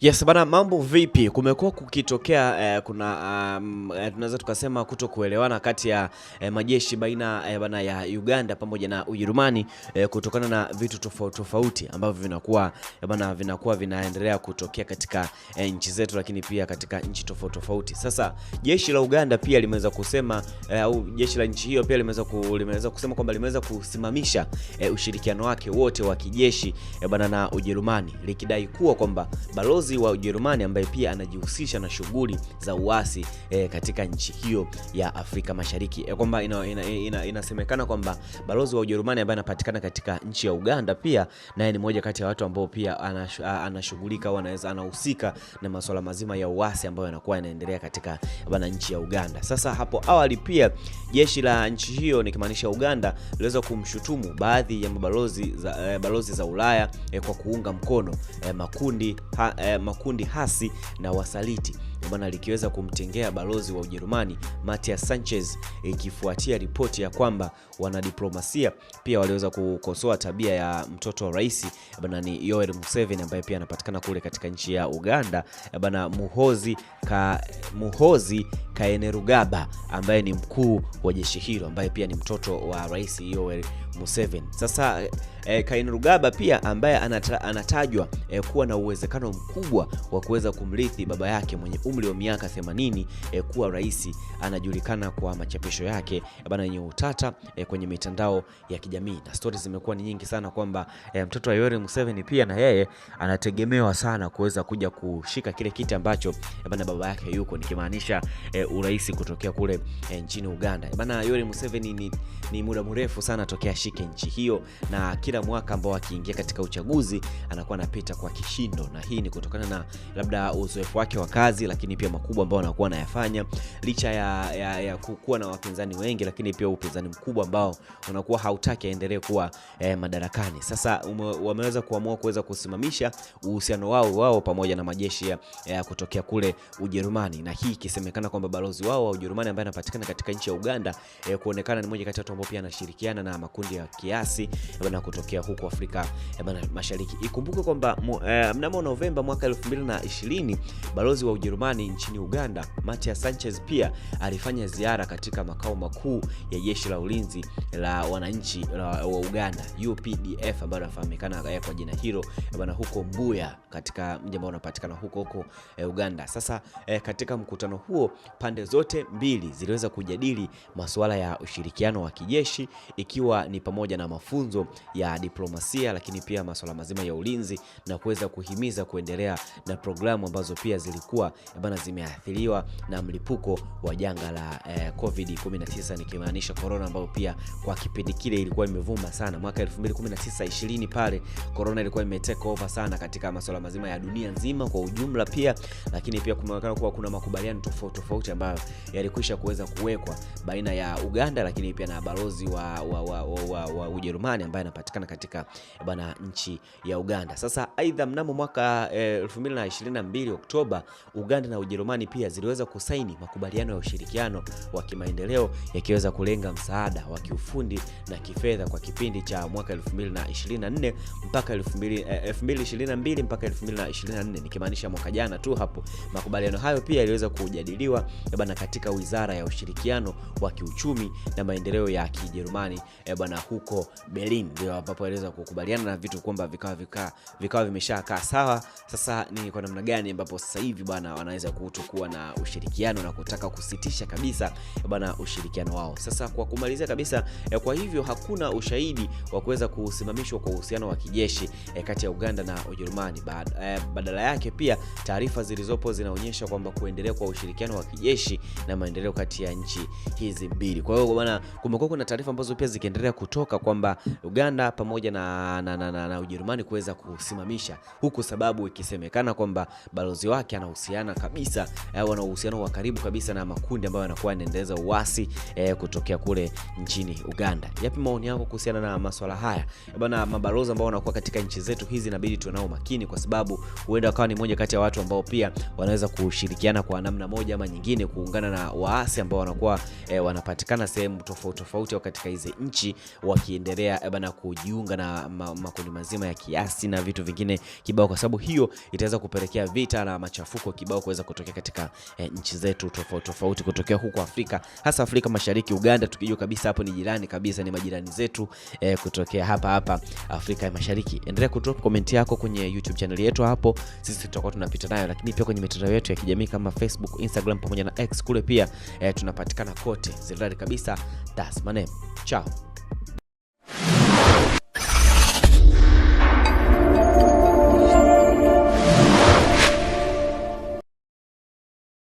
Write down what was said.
Yes bana, mambo vipi? Kumekuwa kukitokea eh, kuna um, eh, tunaweza tukasema kuto kuelewana kati ya eh, majeshi baina eh, bana ya Uganda pamoja na Ujerumani eh, kutokana na vitu tofauti tofauti ambavyo vinakuwa eh, bana vinakuwa vinaendelea kutokea katika eh, nchi zetu, lakini pia katika nchi tofauti tofauti. Sasa jeshi la Uganda pia limeweza kusema eh, au eh, jeshi la nchi hiyo pia limeweza ku, limeweza kusema kwamba limeweza kusimamisha eh, ushirikiano wake wote wa kijeshi eh, bana na Ujerumani likidai kuwa kwamba balozi balozi wa Ujerumani ambaye pia anajihusisha na shughuli za uasi e, katika nchi hiyo ya Afrika Mashariki e, kwamba inasemekana ina, ina, inasemekana kwamba balozi wa Ujerumani ambaye anapatikana katika nchi ya Uganda pia naye ni moja kati ya watu ambao pia anashughulika au anaweza anahusika na masuala mazima ya uasi ambayo yanakuwa yanaendelea katika bana nchi ya Uganda. Sasa hapo awali pia jeshi la nchi hiyo nikimaanisha Uganda liweza kumshutumu baadhi ya mabalozi za, eh, balozi za Ulaya eh, kwa kuunga mkono eh, makundi ha, eh, makundi hasi na wasaliti bwana likiweza kumtengea balozi wa Ujerumani Matias Sanchez ikifuatia ripoti ya kwamba wanadiplomasia pia waliweza kukosoa tabia ya mtoto wa rais bwana ni Yoweri Museveni ambaye pia anapatikana kule katika nchi ya Uganda bwana Muhozi ka Muhozi Kainerugaba ambaye ni mkuu wa jeshi hilo ambaye pia ni mtoto wa Rais Yoweri Museveni. Sasa e, Kainerugaba pia ambaye anata, anatajwa e, kuwa na uwezekano mkubwa wa kuweza kumrithi baba yake mwenye umri wa miaka 80 e, eh, kuwa rais. Anajulikana kwa machapisho yake bana yenye utata e, kwenye mitandao ya kijamii na stori zimekuwa ni nyingi sana kwamba e, mtoto wa Yoweri Museveni pia na yeye anategemewa sana kuweza kuja kushika kile kiti ambacho bana baba baba yake yuko, nikimaanisha e, eh, urais kutokea kule e, nchini Uganda. Bana Yoweri Museveni ni, ni muda mrefu sana tokea shike nchi hiyo, na kila mwaka ambao akiingia katika uchaguzi anakuwa anapita kwa kishindo, na hii ni kutokana na labda uzoefu wake wa kazi, lakini pia makubwa ambao anakuwa anayafanya licha ya, ya, ya kukuwa na wapinzani wengi, lakini pia upinzani mkubwa ambao unakuwa hautaki aendelee kuwa e, madarakani. Sasa wameweza kuamua kuweza kusimamisha uhusiano wao wao pamoja na majeshi ya, ya kutokea kule Ujerumani, na hii ikisemekana kwamba balozi wao wa Ujerumani ambaye anapatikana katika nchi ya Uganda e, kuonekana ni moja kati ya watu ambao pia anashirikiana na makundi ya kiasi bana kutokea huko Afrika eh, bana Mashariki. Ikumbuke kwamba e, Novemba mwaka 2020 balozi wa Ujerumani nchini Uganda Matias Sanchez pia alifanya ziara katika makao makuu ya jeshi la ulinzi la wananchi wa Uganda UPDF ambayo inafahamikana kwa jina hilo bana huko Mbuya katika mji ambao unapatikana huko huko e, Uganda. Sasa E, katika mkutano huo pande zote mbili ziliweza kujadili masuala ya ushirikiano wa kijeshi ikiwa ni pamoja na mafunzo ya diplomasia, lakini pia masuala mazima ya ulinzi na kuweza kuhimiza kuendelea na programu ambazo pia zilikuwa eh, bana zimeathiriwa na mlipuko wa janga la e, COVID-19 nikimaanisha corona, ambayo pia kwa kipindi kile ilikuwa imevuma sana mwaka 2019 20 pale corona ilikuwa imetake over sana katika masuala mazima ya dunia nzima kwa ujumla pia, lakini pia kumeweka inaonekana kuwa kuna makubaliano tofauti tofauti ambayo yalikwisha kuweza kuwekwa baina ya Uganda lakini pia na balozi wa, wa, wa, wa, wa, wa Ujerumani ambaye anapatikana katika eh, bana nchi ya Uganda. Sasa aidha, mnamo mwaka 2022 eh, Oktoba, Uganda na Ujerumani pia ziliweza kusaini makubaliano ya ushirikiano wa kimaendeleo yakiweza kulenga msaada wa kiufundi na kifedha kwa kipindi cha mwaka 2024 mpaka 2022 eh, mpaka 2024 nikimaanisha mwaka jana tu hapo makubaliano Maneno hayo pia yaliweza kujadiliwa e bana katika wizara ya ushirikiano wa kiuchumi na maendeleo ya Kijerumani e bana huko Berlin, ndio ambapo waliweza kukubaliana na vitu kwamba vikawa vikaa vikawa vimeshakaa sawa. Sasa ni kwa namna gani ambapo sasa hivi bana wanaweza kutokuwa na ushirikiano na kutaka kusitisha kabisa e bana ushirikiano wao. Sasa kwa kumalizia kabisa, kwa hivyo hakuna ushahidi wa kuweza kusimamishwa kwa uhusiano wa kijeshi kati ya Uganda na Ujerumani. Badala yake pia taarifa zilizopo zinaonyesha kuhakikisha kwamba kuendelea kwa ushirikiano wa kijeshi na maendeleo kati ya nchi hizi mbili. Kwa hiyo bwana, kumekuwa kuna taarifa ambazo pia zikiendelea kutoka kwamba Uganda pamoja na, na, na, na, na Ujerumani kuweza kusimamisha, huku sababu ikisemekana kwamba balozi wake anahusiana kabisa au eh, ana uhusiano wa karibu kabisa na makundi ambayo yanakuwa yanaendeleza uasi eh, kutokea kule nchini Uganda. Yapi maoni yako kuhusiana na masuala haya eh, bwana? Mabalozi ambao wanakuwa katika nchi zetu hizi inabidi tuwe makini, kwa sababu huenda wakawa ni moja kati ya watu ambao pia wanaweza ku kushirikiana kwa namna moja ama nyingine, kuungana na waasi ambao wanakuwa e, wanapatikana sehemu tofauti tofauti katika hizi nchi, wakiendelea e, bana kujiunga na ma, makundi mazima ya kiasi na vitu vingine kibao, kwa sababu hiyo itaweza kupelekea vita na machafuko kibao kuweza kutokea katika e, nchi zetu tofauti tofauti, kutokea huko Afrika, hasa Afrika Mashariki, Uganda tukijua kabisa hapo ni jirani kabisa, ni majirani zetu e, kutokea hapa hapa Afrika ya Mashariki. Endelea kudrop comment yako kwenye YouTube channel yetu hapo, sisi tutakuwa tunapita nayo, lakini pia kwenye mitandao yetu ya kijamii kama Facebook, Instagram pamoja na X. Kule pia eh, tunapatikana kote, zilradi kabisa. That's chao Ciao.